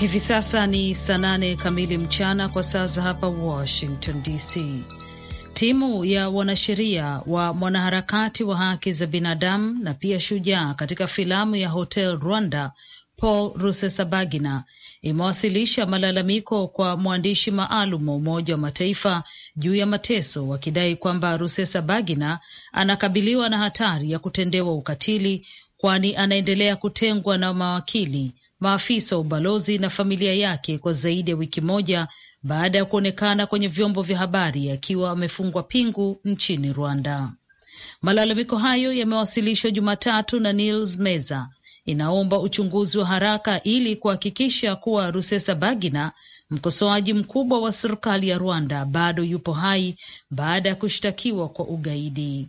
Hivi sasa ni saa nane kamili mchana kwa saa za hapa Washington DC. Timu ya wanasheria wa mwanaharakati wa haki za binadamu na pia shujaa katika filamu ya Hotel Rwanda Paul Rusesabagina imewasilisha malalamiko kwa mwandishi maalum wa Umoja wa Mataifa juu ya mateso, wakidai kwamba Rusesabagina anakabiliwa na hatari ya kutendewa ukatili, kwani anaendelea kutengwa na mawakili maafisa wa ubalozi na familia yake kwa zaidi ya wiki moja baada ya kuonekana kwenye vyombo vya habari akiwa amefungwa pingu nchini Rwanda. Malalamiko hayo yamewasilishwa Jumatatu na Nils Meza, inaomba uchunguzi wa haraka ili kuhakikisha kuwa rusesa bagina mkosoaji mkubwa wa serikali ya Rwanda, bado yupo hai baada ya kushtakiwa kwa ugaidi.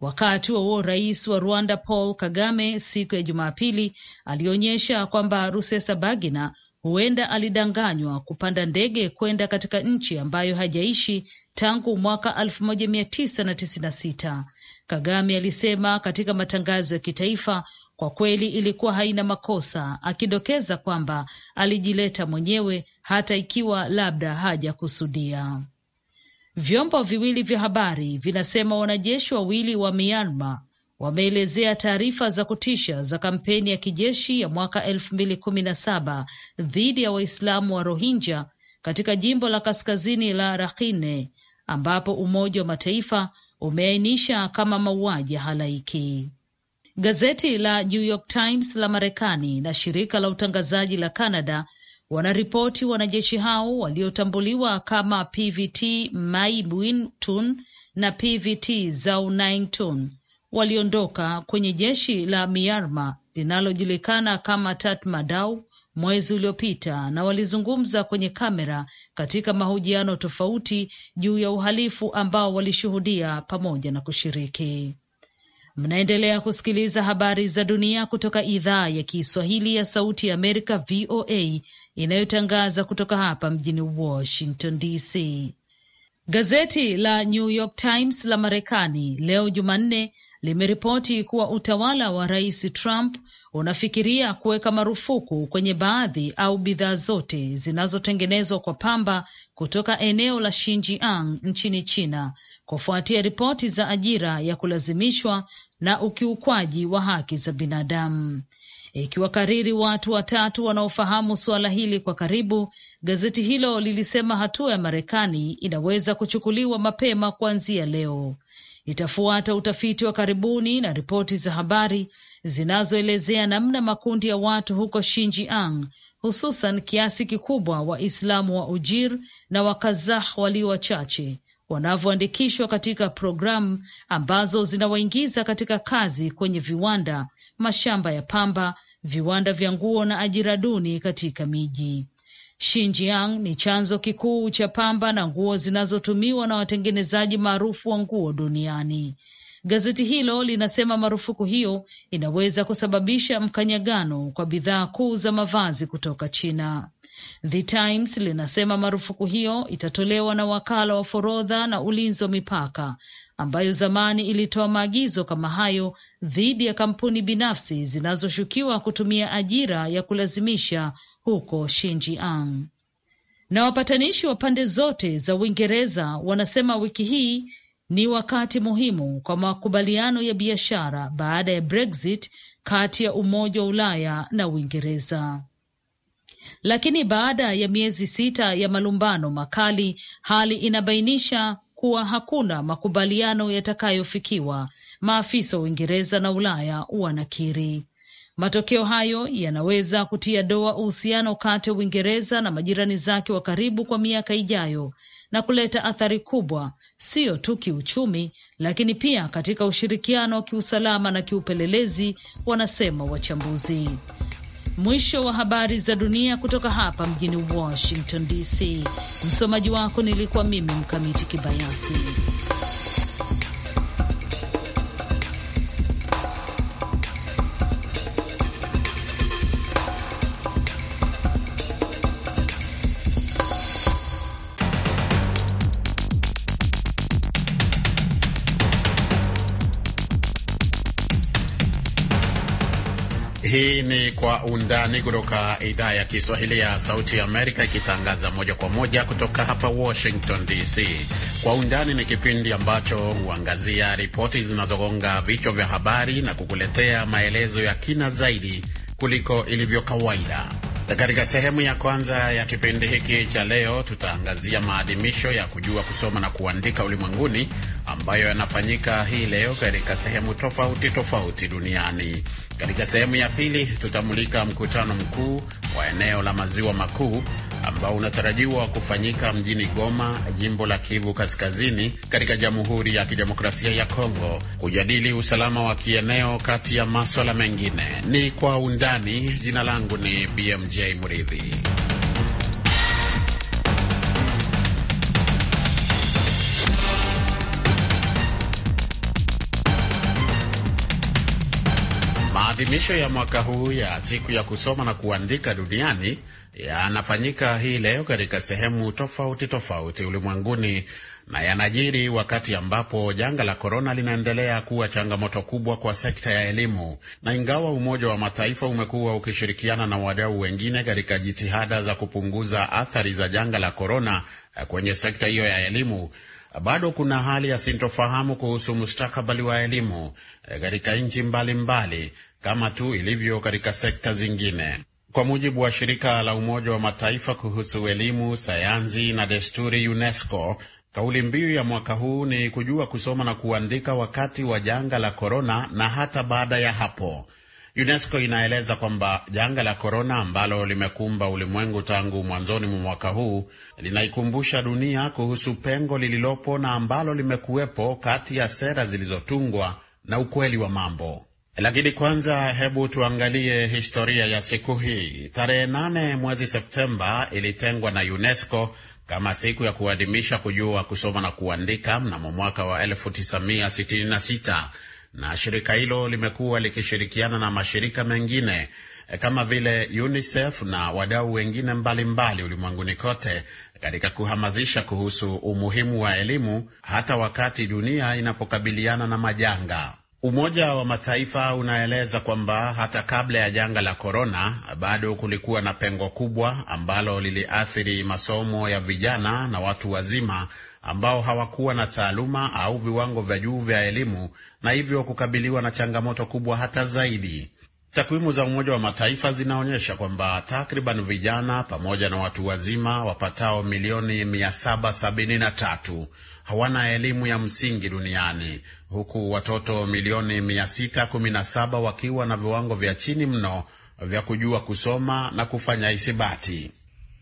Wakati wa huo rais wa Rwanda Paul Kagame siku ya Jumapili alionyesha kwamba Rusesabagina huenda alidanganywa kupanda ndege kwenda katika nchi ambayo hajaishi tangu mwaka 1996. Kagame alisema katika matangazo ya kitaifa, kwa kweli ilikuwa haina makosa, akidokeza kwamba alijileta mwenyewe hata ikiwa labda hajakusudia. Vyombo viwili vya habari vinasema wanajeshi wawili wa Myanmar wameelezea taarifa za kutisha za kampeni ya kijeshi ya mwaka elfu mbili kumi na saba dhidi ya Waislamu wa Rohingya katika jimbo la kaskazini la Rakhine ambapo Umoja wa Mataifa umeainisha kama mauaji halaiki. Gazeti la New York Times la Marekani na shirika la utangazaji la Canada Wanaripoti wanajeshi hao waliotambuliwa kama PVT Mai Tun na PVT Zau Tun waliondoka kwenye jeshi la miarma linalojulikana kama Tatmadaw mwezi uliopita na walizungumza kwenye kamera katika mahojiano tofauti juu ya uhalifu ambao walishuhudia pamoja na kushiriki. Mnaendelea kusikiliza habari za dunia kutoka idhaa ya Kiswahili ya Sauti ya Amerika, VOA, inayotangaza kutoka hapa mjini Washington DC. Gazeti la New York Times la Marekani leo Jumanne limeripoti kuwa utawala wa Rais Trump unafikiria kuweka marufuku kwenye baadhi au bidhaa zote zinazotengenezwa kwa pamba kutoka eneo la Xinjiang nchini China kufuatia ripoti za ajira ya kulazimishwa na ukiukwaji wa haki za binadamu ikiwakariri watu watatu wanaofahamu suala hili kwa karibu. Gazeti hilo lilisema hatua ya Marekani inaweza kuchukuliwa mapema kuanzia leo. Itafuata utafiti wa karibuni na ripoti za habari zinazoelezea namna makundi ya watu huko Xinjiang hususan kiasi kikubwa Waislamu wa Ujir na Wakazakh walio wachache wanavyoandikishwa katika programu ambazo zinawaingiza katika kazi kwenye viwanda, mashamba ya pamba viwanda vya nguo na ajira duni katika miji. Xinjiang ni chanzo kikuu cha pamba na nguo zinazotumiwa na watengenezaji maarufu wa nguo duniani. Gazeti hilo linasema marufuku hiyo inaweza kusababisha mkanyagano kwa bidhaa kuu za mavazi kutoka China. The Times linasema marufuku hiyo itatolewa na wakala wa forodha na ulinzi wa mipaka ambayo zamani ilitoa maagizo kama hayo dhidi ya kampuni binafsi zinazoshukiwa kutumia ajira ya kulazimisha huko Xinjiang. Na wapatanishi wa pande zote za Uingereza wanasema wiki hii ni wakati muhimu kwa makubaliano ya biashara baada ya Brexit kati ya Umoja wa Ulaya na Uingereza lakini baada ya miezi sita ya malumbano makali, hali inabainisha kuwa hakuna makubaliano yatakayofikiwa, maafisa wa Uingereza na Ulaya wanakiri. Matokeo hayo yanaweza kutia doa uhusiano kati ya Uingereza na majirani zake wa karibu kwa miaka ijayo na kuleta athari kubwa, siyo tu kiuchumi, lakini pia katika ushirikiano wa kiusalama na kiupelelezi, wanasema wachambuzi. Mwisho wa habari za dunia kutoka hapa mjini Washington DC. Msomaji wako nilikuwa mimi Mkamiti Kibayasi. Hii ni Kwa Undani kutoka idhaa ya Kiswahili ya Sauti ya Amerika, ikitangaza moja kwa moja kutoka hapa Washington DC. Kwa Undani ni kipindi ambacho huangazia ripoti zinazogonga vichwa vya habari na kukuletea maelezo ya kina zaidi kuliko ilivyo kawaida. Katika sehemu ya kwanza ya kipindi hiki cha leo, tutaangazia maadhimisho ya kujua kusoma na kuandika ulimwenguni ambayo yanafanyika hii leo katika sehemu tofauti tofauti duniani. Katika sehemu ya pili tutamulika mkutano mkuu wa eneo la maziwa makuu ambao unatarajiwa kufanyika mjini Goma, jimbo la Kivu Kaskazini, katika Jamhuri ya Kidemokrasia ya Kongo, kujadili usalama wa kieneo kati ya maswala mengine. Ni kwa undani. Jina langu ni BMJ Mridhi. Maadhimisho ya mwaka huu ya siku ya kusoma na kuandika duniani yanafanyika hii leo katika sehemu tofauti tofauti ulimwenguni na yanajiri wakati ambapo janga la korona linaendelea kuwa changamoto kubwa kwa sekta ya elimu. Na ingawa Umoja wa Mataifa umekuwa ukishirikiana na wadau wengine katika jitihada za kupunguza athari za janga la korona kwenye sekta hiyo ya elimu, bado kuna hali ya sintofahamu kuhusu mustakabali wa elimu katika nchi mbalimbali, kama tu ilivyo katika sekta zingine. Kwa mujibu wa shirika la Umoja wa Mataifa kuhusu elimu, sayansi na desturi, UNESCO, kauli mbiu ya mwaka huu ni kujua kusoma na kuandika wakati wa janga la korona na hata baada ya hapo. UNESCO inaeleza kwamba janga la korona ambalo limekumba ulimwengu tangu mwanzoni mwa mwaka huu linaikumbusha dunia kuhusu pengo lililopo na ambalo limekuwepo kati ya sera zilizotungwa na ukweli wa mambo. Lakini kwanza hebu tuangalie historia ya siku hii. Tarehe nane mwezi Septemba ilitengwa na UNESCO kama siku ya kuadhimisha kujua kusoma na kuandika mnamo mwaka wa 1966 na shirika hilo limekuwa likishirikiana na mashirika mengine eh, kama vile UNICEF na wadau wengine mbalimbali ulimwenguni kote katika kuhamasisha kuhusu umuhimu wa elimu hata wakati dunia inapokabiliana na majanga. Umoja wa Mataifa unaeleza kwamba hata kabla ya janga la korona bado kulikuwa na pengo kubwa ambalo liliathiri masomo ya vijana na watu wazima ambao hawakuwa na taaluma au viwango vya juu vya elimu na hivyo kukabiliwa na changamoto kubwa hata zaidi. Takwimu za Umoja wa Mataifa zinaonyesha kwamba takriban vijana pamoja na watu wazima wapatao milioni 773 hawana elimu ya msingi duniani huku watoto milioni 617 wakiwa na viwango vya chini mno vya kujua kusoma na kufanya hisabati.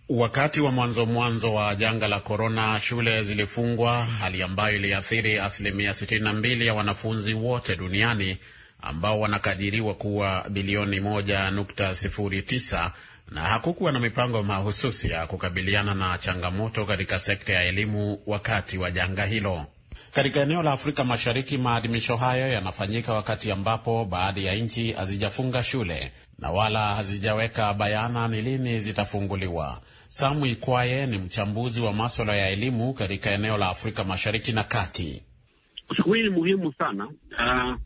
Wakati wa mwanzo mwanzo wa janga la korona, shule zilifungwa, hali ambayo iliathiri asilimia 62 ya wanafunzi wote duniani ambao wanakadiriwa kuwa bilioni 1.09 na hakukuwa na mipango mahususi ya kukabiliana na changamoto katika sekta ya elimu wakati wa janga hilo. Katika eneo la Afrika Mashariki, maadhimisho hayo yanafanyika wakati ambapo baadhi ya nchi hazijafunga shule na wala hazijaweka bayana ni lini zitafunguliwa. Samu Ikwaye ni mchambuzi wa maswala ya elimu katika eneo la Afrika Mashariki na Kati. Siku hii ni muhimu sana uh,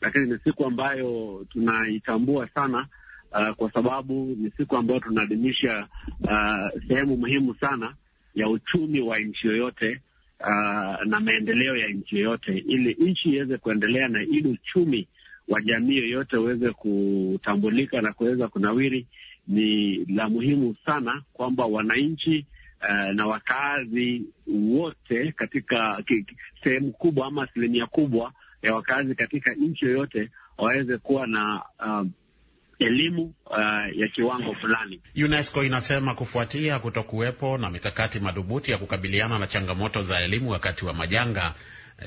lakini ni siku ambayo tunaitambua sana uh, kwa sababu ni siku ambayo tunaadhimisha uh, sehemu muhimu sana ya uchumi wa nchi yoyote uh, na maendeleo ya nchi yoyote. Ili nchi iweze kuendelea na ili uchumi wa jamii yoyote uweze kutambulika na kuweza kunawiri, ni la muhimu sana kwamba wananchi Uh, na wakazi wote katika sehemu kubwa ama asilimia kubwa ya wakazi katika nchi yoyote waweze kuwa na uh, elimu uh, ya kiwango fulani. UNESCO inasema kufuatia kutokuwepo na mikakati madhubuti ya kukabiliana na changamoto za elimu wakati wa majanga,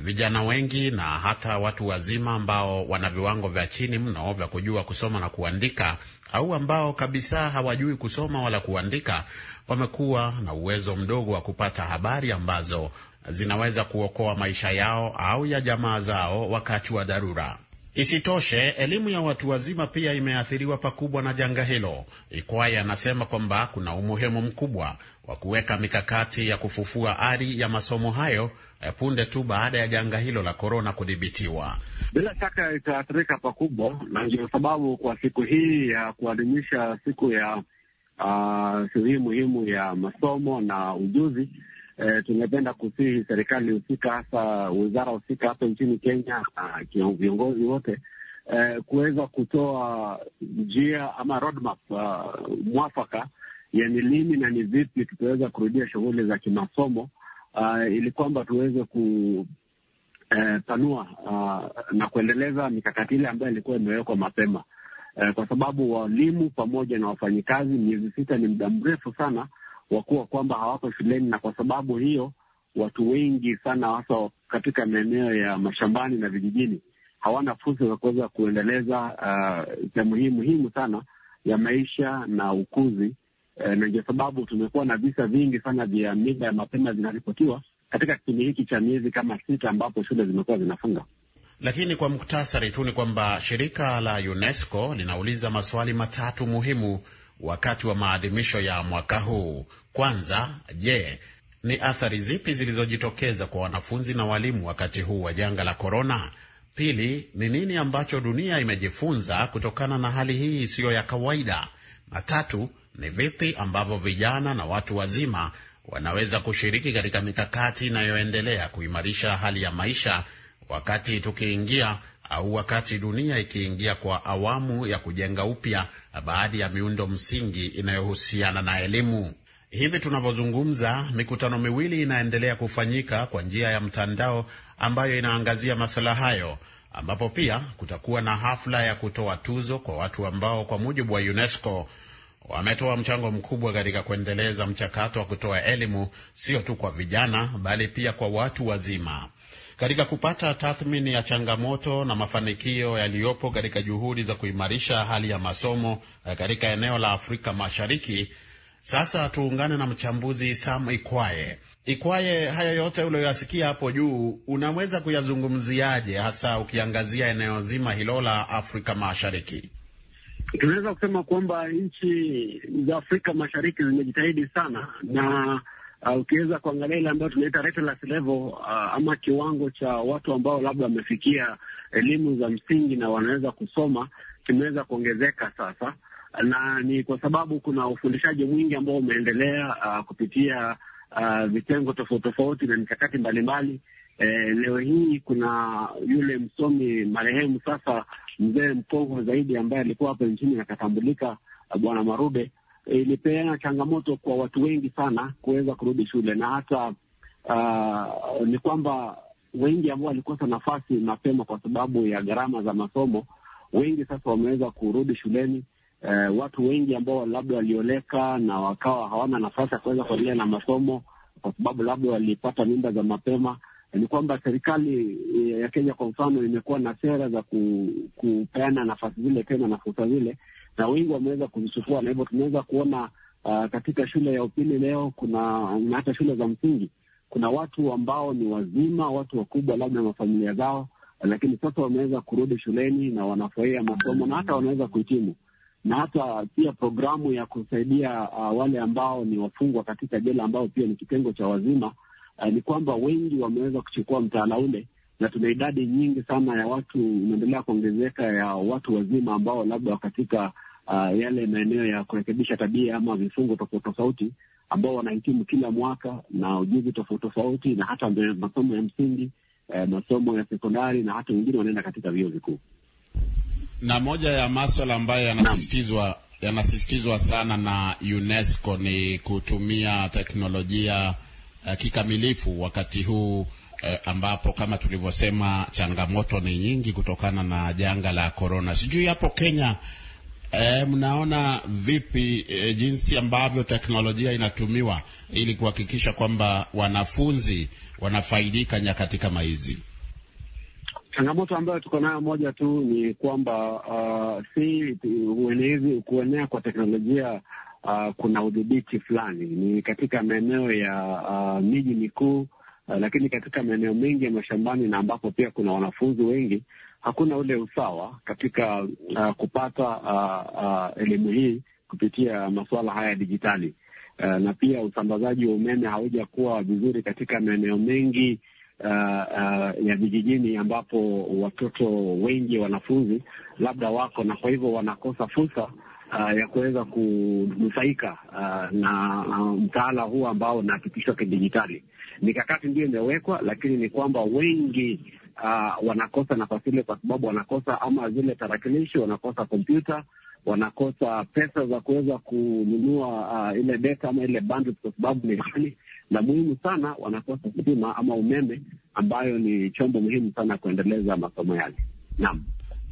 vijana wengi na hata watu wazima ambao wana viwango vya chini mno vya kujua kusoma na kuandika au ambao kabisa hawajui kusoma wala kuandika wamekuwa na uwezo mdogo wa kupata habari ambazo zinaweza kuokoa maisha yao au ya jamaa zao wakati wa dharura. Isitoshe, elimu ya watu wazima pia imeathiriwa pakubwa na janga hilo. Ikwaya anasema kwamba kuna umuhimu mkubwa wa kuweka mikakati ya kufufua ari ya masomo hayo eh, punde tu baada ya janga hilo la korona kudhibitiwa. Bila shaka itaathirika pakubwa, na ndio sababu kwa siku hii ya kuadhimisha siku ya uh, sehemu muhimu ya masomo na ujuzi E, tungependa kusihi serikali husika, hasa wizara husika hapa nchini Kenya na viongozi wote e, kuweza kutoa njia ama roadmap uh, mwafaka ya ni lini na ni vipi tutaweza kurudia shughuli za kimasomo uh, ili kwamba tuweze ku eh, panua uh, na kuendeleza mikakati ile ambayo ilikuwa imewekwa mapema eh, kwa sababu walimu pamoja na wafanyikazi, miezi sita ni muda mrefu sana wakuwa kwamba hawako shuleni, na kwa sababu hiyo watu wengi sana hasa katika maeneo ya mashambani na vijijini hawana fursa za kuweza kuendeleza uh, sehemu uh, hii muhimu sana ya maisha na ukuzi uh, na ndio sababu tumekuwa na visa vingi sana vya mimba ya mapema vinaripotiwa katika kipindi hiki cha miezi kama sita ambapo shule zimekuwa zinafunga. Lakini kwa muktasari tu ni kwamba shirika la UNESCO linauliza maswali matatu muhimu wakati wa maadhimisho ya mwaka huu. Kwanza, je, ni athari zipi zilizojitokeza kwa wanafunzi na walimu wakati huu wa janga la korona? Pili, ni nini ambacho dunia imejifunza kutokana na hali hii isiyo ya kawaida? Na tatu, ni vipi ambavyo vijana na watu wazima wanaweza kushiriki katika mikakati inayoendelea kuimarisha hali ya maisha wakati tukiingia au wakati dunia ikiingia kwa awamu ya kujenga upya baadhi ya miundo msingi inayohusiana na elimu. Hivi tunavyozungumza, mikutano miwili inaendelea kufanyika kwa njia ya mtandao ambayo inaangazia masuala hayo, ambapo pia kutakuwa na hafla ya kutoa tuzo kwa watu ambao kwa mujibu wa UNESCO wametoa mchango mkubwa katika kuendeleza mchakato wa kutoa elimu sio tu kwa vijana, bali pia kwa watu wazima katika kupata tathmini ya changamoto na mafanikio yaliyopo katika juhudi za kuimarisha hali ya masomo eh, katika eneo la Afrika Mashariki. Sasa tuungane na mchambuzi Sam Ikwaye. Ikwaye, haya yote uliyoyasikia hapo juu unaweza kuyazungumziaje, hasa ukiangazia eneo zima hilo la Afrika Mashariki? Tunaweza kusema kwamba nchi za Afrika Mashariki zimejitahidi sana na Uh, ukiweza kuangalia ile ambayo tunaita literacy level uh, ama kiwango cha watu ambao labda wamefikia elimu za msingi na wanaweza kusoma kimeweza kuongezeka sasa, na ni kwa sababu kuna ufundishaji mwingi ambao umeendelea uh, kupitia uh, vitengo tofauti tofauti na mikakati mbalimbali. Eh, leo hii kuna yule msomi marehemu sasa mzee mkongwe zaidi ambaye alikuwa hapa nchini akatambulika, Bwana marube Eh, ilipeana changamoto kwa watu wengi sana kuweza kurudi shule, na hata uh, ni kwamba wengi ambao walikosa nafasi mapema kwa sababu ya gharama za masomo, wengi sasa wameweza kurudi shuleni. Uh, watu wengi ambao labda walioleka na wakawa hawana nafasi ya kuweza kuendelea na masomo kwa sababu labda walipata mimba za mapema. Eh, ni kwamba serikali ya Kenya kwa mfano imekuwa na sera za ku, kupeana nafasi zile tena na fursa zile na wengi wameweza kuzisufua, na hivyo tunaweza kuona uh, katika shule ya upili leo kuna na hata shule za msingi kuna watu ambao ni wazima, watu wakubwa, labda mafamilia zao, lakini sasa wameweza kurudi shuleni na wanafurahia masomo na hata wanaweza kuhitimu, na hata pia programu ya kusaidia uh, wale ambao ni wafungwa katika jela ambao pia ni kitengo cha wazima uh, ni kwamba wengi wameweza kuchukua mtaala ule na tuna idadi nyingi sana ya watu, unaendelea kuongezeka ya watu wazima ambao labda wakatika uh, yale maeneo ya kurekebisha tabia ama vifungo tofauti tofauti, ambao wanahitimu kila mwaka na ujuzi tofauti tofauti, na hata masomo ya msingi eh, masomo ya sekondari, na hata wengine wanaenda katika vyuo vikuu. Na moja ya maswala ambayo yanasisitizwa yanasisitizwa sana na UNESCO ni kutumia teknolojia eh, kikamilifu wakati huu eh, ambapo kama tulivyosema changamoto ni nyingi kutokana na janga la korona. Sijui hapo Kenya eh, mnaona vipi eh, jinsi ambavyo teknolojia inatumiwa ili kuhakikisha kwamba wanafunzi wanafaidika nyakati kama hizi? Changamoto ambayo tuko nayo moja tu ni kwamba uh, si uenezi, kuenea kwa teknolojia uh, kuna udhibiti fulani, ni katika maeneo ya uh, miji mikuu Ah, lakini katika maeneo mengi ya mashambani na ambapo pia kuna wanafunzi wengi hakuna ule usawa katika uh, kupata uh, uh, elimu hii kupitia masuala haya ya dijitali uh, na pia usambazaji wa umeme haujakuwa vizuri katika maeneo mengi Uh, uh, ya vijijini ambapo watoto wengi wanafunzi labda wako na kwa hivyo wanakosa fursa uh, ya kuweza kunufaika uh, na mtaala huu ambao unahakikishwa kidijitali. Mikakati ndio imewekwa, lakini ni kwamba wengi uh, wanakosa nafasi ile kwa sababu wanakosa ama zile tarakilishi, wanakosa kompyuta, wanakosa pesa za kuweza kununua uh, ile data ama ile bandwidth kwa sababu ni ghali na muhimu sana, wanakosa stima ama umeme, ambayo ni chombo muhimu sana kuendeleza masomo yale. Naam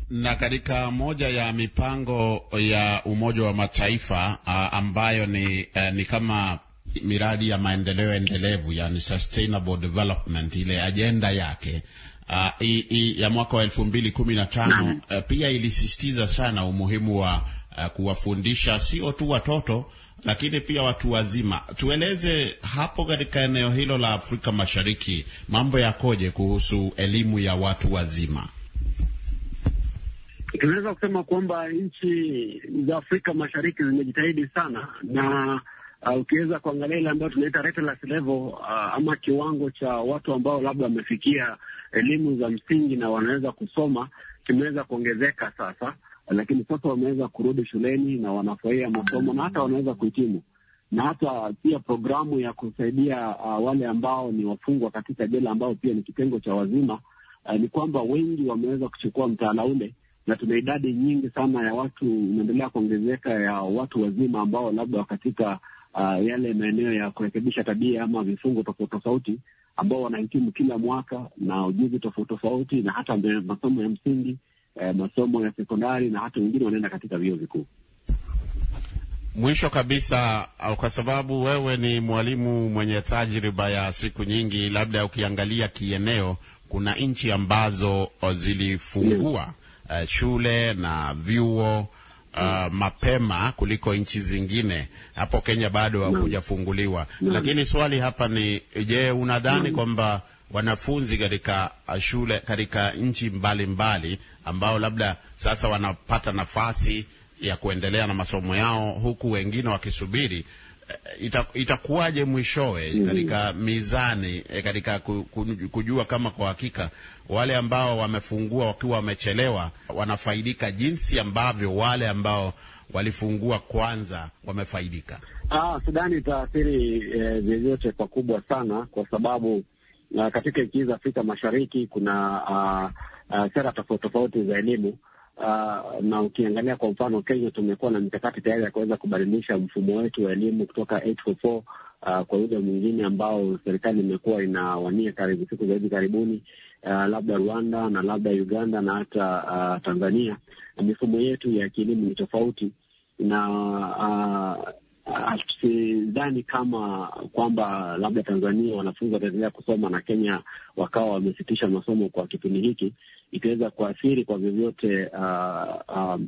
na katika moja ya mipango ya Umoja wa Mataifa a, ah, ambayo ni a, eh, ni kama miradi ya maendeleo endelevu, yani sustainable development, ile ajenda yake uh, i, i, ya mwaka wa elfu mbili kumi na tano mm-hmm. uh, pia ilisisitiza sana umuhimu wa uh, kuwafundisha sio tu watoto lakini pia watu wazima. Tueleze hapo katika eneo hilo la Afrika Mashariki mambo yakoje kuhusu elimu ya watu wazima? Tunaweza kusema kwamba nchi za Afrika Mashariki zimejitahidi sana na uh, ukiweza kuangalia ile ambayo tunaita literacy level uh, ama kiwango cha watu ambao labda wamefikia elimu za msingi na wanaweza kusoma kimeweza kuongezeka sasa, lakini sasa wameweza kurudi shuleni na wanafurahia masomo na hata wanaweza kuhitimu na hata pia programu ya kusaidia uh, wale ambao ni wafungwa katika jela ambao pia ni kitengo cha wazima uh, ni kwamba wengi wameweza kuchukua mtaala ule, na tuna idadi nyingi sana ya watu inaendelea kuongezeka ya watu wazima ambao labda katika uh, yale maeneo ya kurekebisha tabia ama vifungo tofauti tofauti, ambao wanahitimu kila mwaka na ujuzi tofauti tofauti, na hata masomo ya msingi eh, masomo ya sekondari, na hata wengine wanaenda katika vyuo vikuu. Mwisho kabisa, kwa sababu wewe ni mwalimu mwenye tajriba ya siku nyingi, labda ukiangalia kieneo, kuna nchi ambazo oh, zilifungua yeah, uh, shule na vyuo uh, mapema kuliko nchi zingine. Hapo Kenya bado hakujafunguliwa, lakini swali hapa ni je, unadhani kwamba wanafunzi katika uh, shule katika nchi mbalimbali ambao labda sasa wanapata nafasi ya kuendelea na masomo yao huku wengine wakisubiri uh, ita, itakuwaje mwishowe mm-hmm. katika mizani eh, katika kujua kama kwa hakika wale ambao wamefungua wakiwa wamechelewa wanafaidika jinsi ambavyo wale ambao walifungua kwanza wamefaidika? Ah, Sudani itaathiri eh, vyovyote pakubwa sana, kwa sababu uh, katika nchi za Afrika Mashariki kuna uh, uh, sera tofauti tofauti za elimu. Uh, na ukiangalia kwa mfano Kenya, tumekuwa na mikakati tayari ya kuweza kubadilisha mfumo wetu wa elimu kutoka 844 uh, kwa yule mwingine ambao serikali imekuwa inawania karibu siku za hivi karibuni, uh, labda Rwanda na labda Uganda na hata uh, Tanzania, mifumo yetu ya kielimu ni tofauti na uh, sidhani kama kwamba labda Tanzania wanafunzi wataendelea kusoma na Kenya wakawa wamesitisha masomo kwa kipindi hiki, itaweza kuathiri kwa vyovyote uh, uh,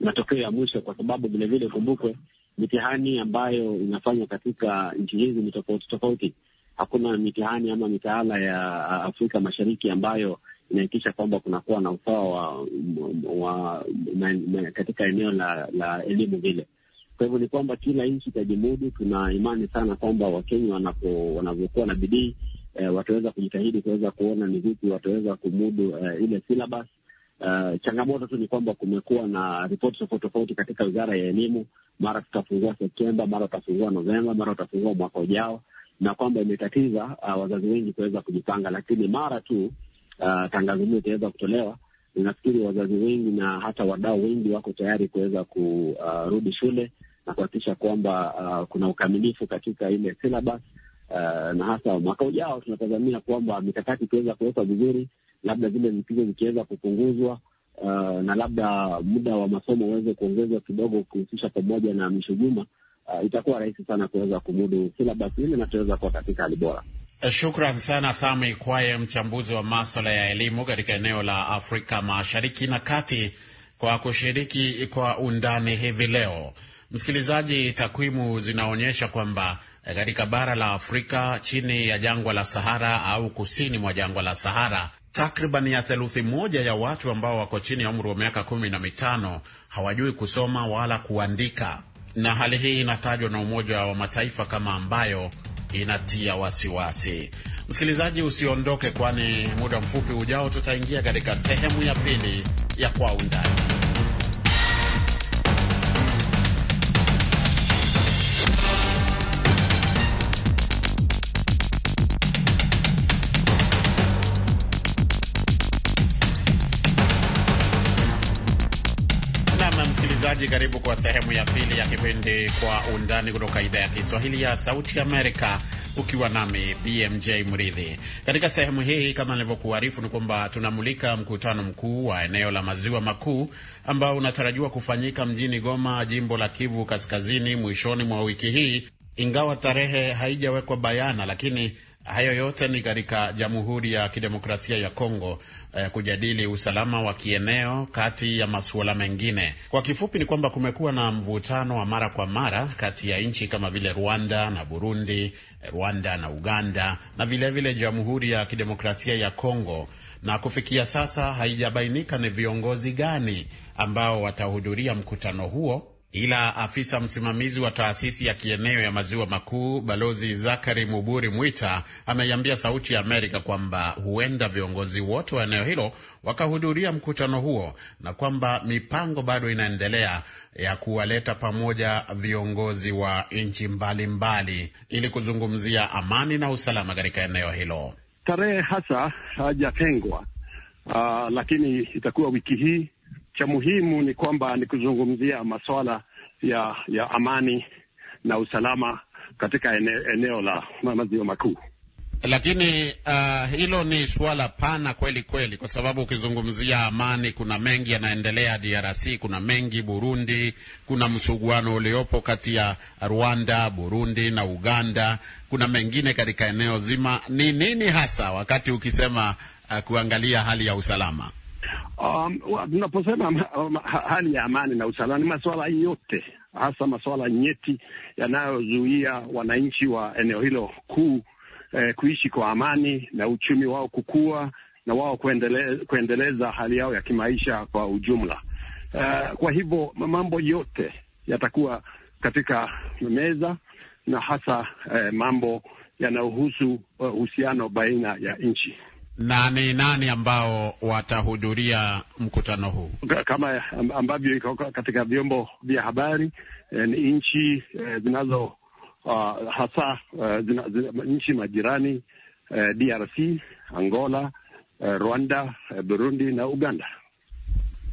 matokeo ya mwisho, kwa sababu vilevile kumbukwe mitihani ambayo inafanywa katika nchi hizi ni tofauti tofauti hakuna mitihani ama mitaala ya Afrika Mashariki ambayo inahakikisha kwamba kunakuwa na usawa wa, wa, katika eneo la, la elimu vile. Kwa hivyo ni kwamba kila nchi itajimudu. Tuna imani sana kwamba Wakenya wanavyokuwa na bidii eh, wataweza kujitahidi kuweza kuona ni vipi wataweza kumudu eh, ile syllabus. Uh, changamoto tu ni kwamba kumekuwa na ripoti tofauti tofauti katika wizara ya elimu, mara tutafungua Septemba, mara utafungua Novemba, mara utafungua mwaka ujao na kwamba imetatiza uh, wazazi wengi kuweza kujipanga, lakini mara tu uh, tangazo hilo itaweza kutolewa, ninafikiri wazazi wengi na hata wadau wengi wako tayari kuweza kurudi uh, shule na kuhakikisha kwamba uh, kuna ukamilifu katika ile syllabus uh, na hasa mwaka ujao tunatazamia kwamba mikakati ikiweza kuwekwa vizuri, labda zile likizo zikiweza kupunguzwa uh, na labda muda wa masomo uweze kuongezwa kidogo, kuhusisha pamoja na mishujuma uh, itakuwa rahisi sana kuweza kumudu silabasi ile na tuweza kuwa katika hali bora. Eh, shukran sana Sami Kwaye, mchambuzi wa maswala ya elimu katika eneo la Afrika Mashariki na Kati, kwa kushiriki kwa undani hivi leo. Msikilizaji, takwimu zinaonyesha kwamba eh, katika bara la Afrika chini ya jangwa la Sahara au kusini mwa jangwa la Sahara, takriban ya theluthi moja ya watu ambao wako chini ya umri wa miaka kumi na mitano hawajui kusoma wala kuandika na hali hii inatajwa na Umoja wa Mataifa kama ambayo inatia wasiwasi Msikilizaji, usiondoke, kwani muda mfupi ujao tutaingia katika sehemu ya pili ya Kwa Undani. msikilizaji, karibu kwa sehemu ya pili ya kipindi Kwa Undani kutoka idhaa ya Kiswahili ya Sauti Amerika, ukiwa nami BMJ Mridhi. Katika sehemu hii, kama nilivyokuarifu, ni kwamba tunamulika mkutano mkuu wa eneo la maziwa makuu ambao unatarajiwa kufanyika mjini Goma, jimbo la Kivu Kaskazini, mwishoni mwa wiki hii, ingawa tarehe haijawekwa bayana, lakini Hayo yote ni katika Jamhuri ya Kidemokrasia ya Kongo eh, kujadili usalama wa kieneo kati ya masuala mengine. Kwa kifupi ni kwamba kumekuwa na mvutano wa mara kwa mara kati ya nchi kama vile Rwanda na Burundi, eh, Rwanda na Uganda na vilevile Jamhuri ya Kidemokrasia ya Kongo, na kufikia sasa haijabainika ni viongozi gani ambao watahudhuria mkutano huo ila afisa msimamizi wa taasisi ya kieneo ya maziwa makuu Balozi Zakari Muburi Mwita ameiambia Sauti ya Amerika kwamba huenda viongozi wote wa eneo hilo wakahudhuria mkutano huo na kwamba mipango bado inaendelea ya kuwaleta pamoja viongozi wa nchi mbalimbali ili kuzungumzia amani na usalama katika eneo hilo. Tarehe hasa hajatengwa, uh, lakini itakuwa wiki hii cha muhimu ni kwamba ni kuzungumzia masuala ya ya amani na usalama katika eneo, eneo la maziwa makuu. Lakini uh, hilo ni suala pana kweli kweli, kwa sababu ukizungumzia amani, kuna mengi yanaendelea DRC, kuna mengi Burundi, kuna msuguano uliopo kati ya Rwanda, Burundi na Uganda, kuna mengine katika eneo zima. Ni nini hasa wakati ukisema uh, kuangalia hali ya usalama? Um, tunaposema um, hali ya amani na usalama ni masuala yote, hasa masuala nyeti yanayozuia wananchi wa eneo hilo kuu eh, kuishi kwa amani na uchumi wao kukua na wao kuendele, kuendeleza hali yao ya kimaisha kwa ujumla. Uh, kwa hivyo mambo yote yatakuwa katika meza na hasa eh, mambo yanayohusu uh, uhusiano baina ya nchi na ni nani ambao watahudhuria mkutano huu? Kama ambavyo iko katika vyombo vya habari eh, ni nchi eh, zinazo uh, hasa uh, zina, zina, nchi majirani uh, DRC, Angola, uh, Rwanda, uh, Burundi na Uganda.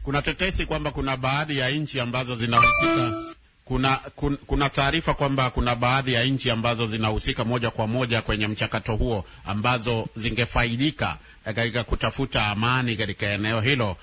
Kuna tetesi kwamba kuna baadhi ya nchi ambazo zinahusika kuna, kun, kuna taarifa kwamba kuna baadhi ya nchi ambazo zinahusika moja kwa moja kwenye mchakato huo ambazo zingefaidika eh, katika kutafuta amani katika eneo hilo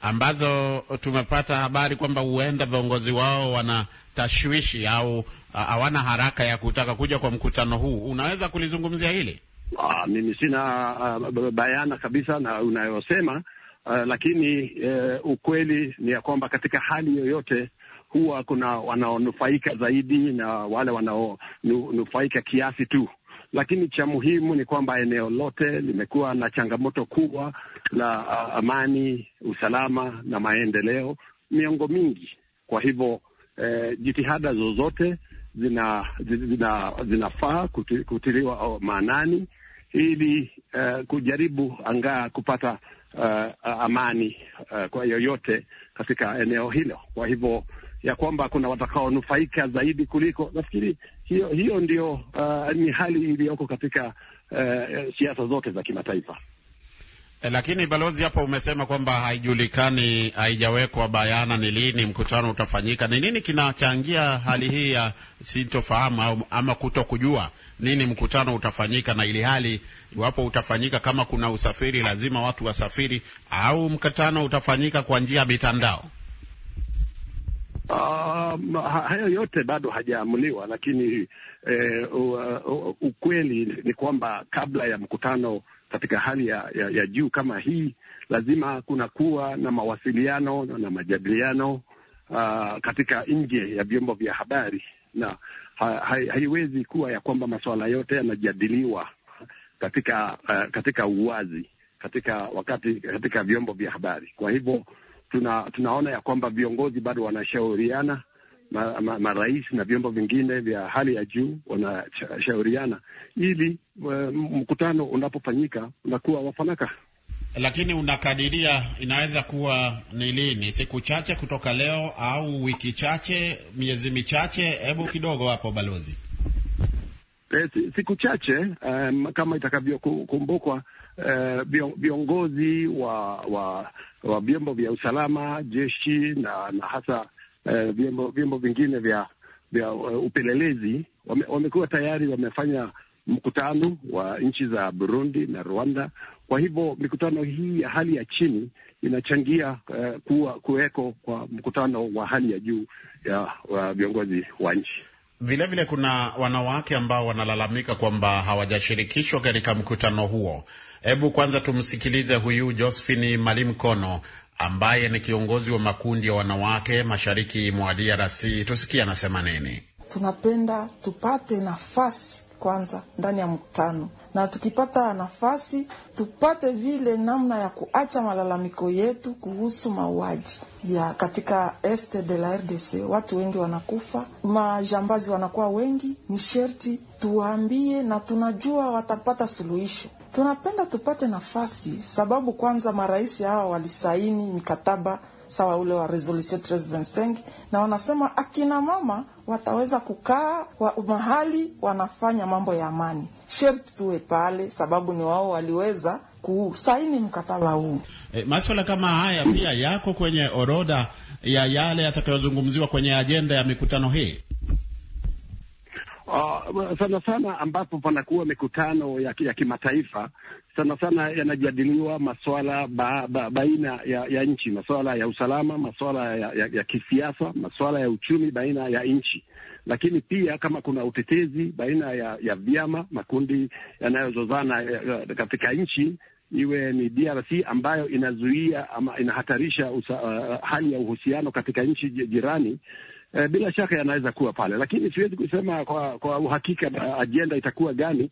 ambazo tumepata habari kwamba huenda viongozi wao wana tashwishi au ah, hawana haraka ya kutaka kuja kwa mkutano huu. Unaweza kulizungumzia hili? Ah, mimi sina ah, bayana kabisa na unayosema uh, lakini uh, ukweli ni ya kwamba katika hali yoyote huwa kuna wanaonufaika zaidi na wale wanaonufaika kiasi tu, lakini cha muhimu ni kwamba eneo lote limekuwa na changamoto kubwa la uh, amani, usalama na maendeleo miongo mingi. Kwa hivyo eh, jitihada zozote zinafaa zina, zina kutiliwa maanani ili uh, kujaribu angaa kupata Uh, uh, amani uh, kwa yoyote katika eneo hilo. Kwa hivyo ya kwamba kuna watakaonufaika zaidi kuliko, nafikiri hiyo hiyo ndio uh, ni hali iliyoko katika uh, siasa zote za kimataifa. Eh, lakini balozi, hapo umesema kwamba haijulikani, haijawekwa bayana ni lini mkutano utafanyika. Ni nini kinachangia hali hii ya sintofahamu ama kuto kujua nini mkutano utafanyika, na ili hali iwapo utafanyika, kama kuna usafiri, lazima watu wasafiri, au mkutano utafanyika kwa njia ya mitandao? Um, hayo yote bado hajaamuliwa, lakini eh, ukweli ni kwamba kabla ya mkutano katika hali ya, ya, ya juu kama hii, lazima kuna kuwa na mawasiliano na majadiliano uh, katika nje ya vyombo vya habari na ha, ha, haiwezi kuwa ya kwamba masuala yote yanajadiliwa katika uh, katika uwazi katika wakati katika vyombo vya habari. Kwa hivyo tuna, tunaona ya kwamba viongozi bado wanashauriana marais ma, ma na vyombo vingine vya hali ya juu wanashauriana, ili uh, mkutano unapofanyika unakuwa wafanaka. Lakini unakadiria inaweza kuwa ni lini? Siku chache kutoka leo au wiki chache, miezi michache? Hebu kidogo hapo balozi. E, siku chache um, kama itakavyokumbukwa uh, viongozi uh, wa wa vyombo vya usalama, jeshi na, na hasa Eh, vyombo vyombo vingine vya vya uh, upelelezi wame, wamekuwa tayari wamefanya mkutano wa nchi za Burundi na Rwanda. Kwa hivyo mikutano hii ya hali ya chini inachangia uh, kuwa kuweko kwa mkutano wa hali ya juu ya wa viongozi wa nchi. Vilevile kuna wanawake ambao wanalalamika kwamba hawajashirikishwa katika mkutano huo. Hebu kwanza tumsikilize huyu Josephine Malimkono ambaye ni kiongozi wa makundi ya wanawake mashariki mwa DRC. Tusikie anasema nini. Tunapenda tupate nafasi kwanza ndani ya mkutano, na tukipata nafasi tupate vile namna ya kuacha malalamiko yetu kuhusu mauaji ya katika este de la RDC. Watu wengi wanakufa, majambazi wanakuwa wengi. Ni sherti tuwaambie, na tunajua watapata suluhisho. Tunapenda tupate nafasi, sababu kwanza marais hawa walisaini mikataba sawa ule wa resolution 1325 na wanasema akina mama wataweza kukaa wa mahali wanafanya mambo ya amani. Sherti tuwe pale, sababu ni wao waliweza kusaini mkataba huu. E, maswala kama haya pia yako kwenye orodha ya yale yatakayozungumziwa kwenye ajenda ya mikutano hii uh, sana sana ambapo panakuwa mikutano ya, ya kimataifa sana sana yanajadiliwa masuala ba, ba, baina ya, ya nchi, masuala ya usalama, masuala ya, ya, ya kisiasa, masuala ya uchumi baina ya nchi, lakini pia kama kuna utetezi baina ya, ya vyama, makundi yanayozozana ya, eh, ya, eh, katika nchi iwe ni DRC ambayo inazuia ama inahatarisha usa, uh, hali ya uhusiano katika nchi jirani e, bila shaka yanaweza kuwa pale, lakini siwezi kusema kwa kwa uhakika ajenda itakuwa gani.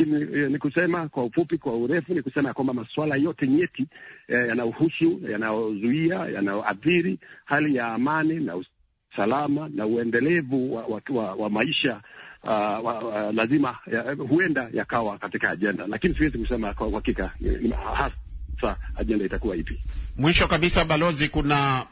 Eh, ni kusema kwa ufupi, kwa urefu, ni kusema ya kwamba masuala yote nyeti e, eh, yanayohusu, yanayozuia, yanayoathiri hali ya amani na usalama na uendelevu wa, wa, wa, wa maisha uh, wa, wa, lazima ya, huenda yakawa katika ajenda, lakini siwezi kusema kwa uhakika hasa ajenda itakuwa ipi. Mwisho kabisa, balozi, kuna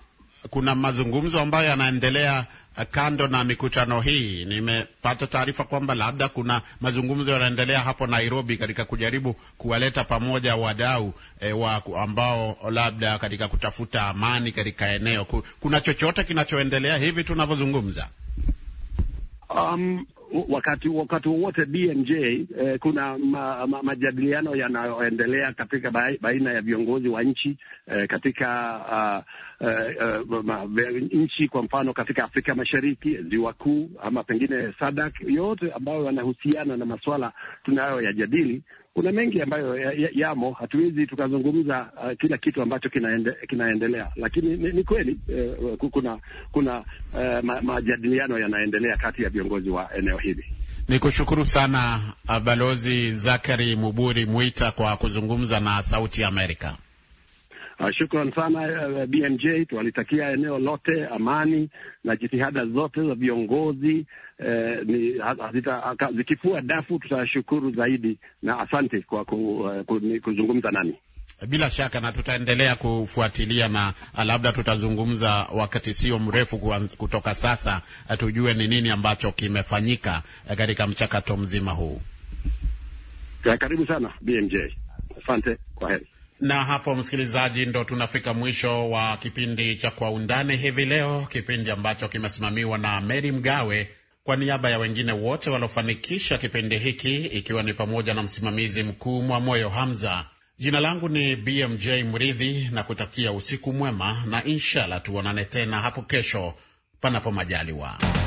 kuna mazungumzo ambayo yanaendelea eh, kando na mikutano hii. Nimepata taarifa kwamba labda kuna mazungumzo yanaendelea hapo Nairobi katika kujaribu kuwaleta pamoja wadau e, wa ambao labda katika kutafuta amani katika eneo. Kuna chochote kinachoendelea hivi tunavyozungumza? Um, wakati wakati wowote BMJ eh, kuna ma, ma, majadiliano yanayoendelea katika baina ya viongozi wa nchi eh, katika uh, uh, uh, nchi kwa mfano katika Afrika Mashariki, ziwa kuu ama pengine Sadak, yote ambayo yanahusiana na masuala tunayoyajadili. Kuna mengi ambayo yamo, hatuwezi tukazungumza uh, kila kitu ambacho kinaende, kinaendelea, lakini ni, ni kweli uh, kuna kuna uh, ma, majadiliano yanaendelea kati ya viongozi wa eneo eneo hili. Ni kushukuru sana uh, Balozi Zakari Muburi Mwita kwa kuzungumza na Sauti ya Amerika. Uh, shukran sana uh, BMJ. Tunalitakia eneo lote amani na jitihada zote za viongozi eh, zikifua dafu tutashukuru zaidi, na asante kwa ku, uh, kuzungumza nani bila shaka na tutaendelea kufuatilia na ah, labda tutazungumza wakati sio mrefu kutoka sasa, ah, tujue ni nini ambacho kimefanyika ah, katika mchakato mzima huu. Karibu sana BMJ, asante, kwa heri. Na hapo msikilizaji, ndo tunafika mwisho wa kipindi cha Kwa Undani hivi leo, kipindi ambacho kimesimamiwa na Meri Mgawe kwa niaba ya wengine wote waliofanikisha kipindi hiki, ikiwa ni pamoja na msimamizi mkuu Mwamoyo Hamza. Jina langu ni BMJ Mridhi na kutakia usiku mwema na inshallah tuonane tena hapo kesho panapo majaliwa.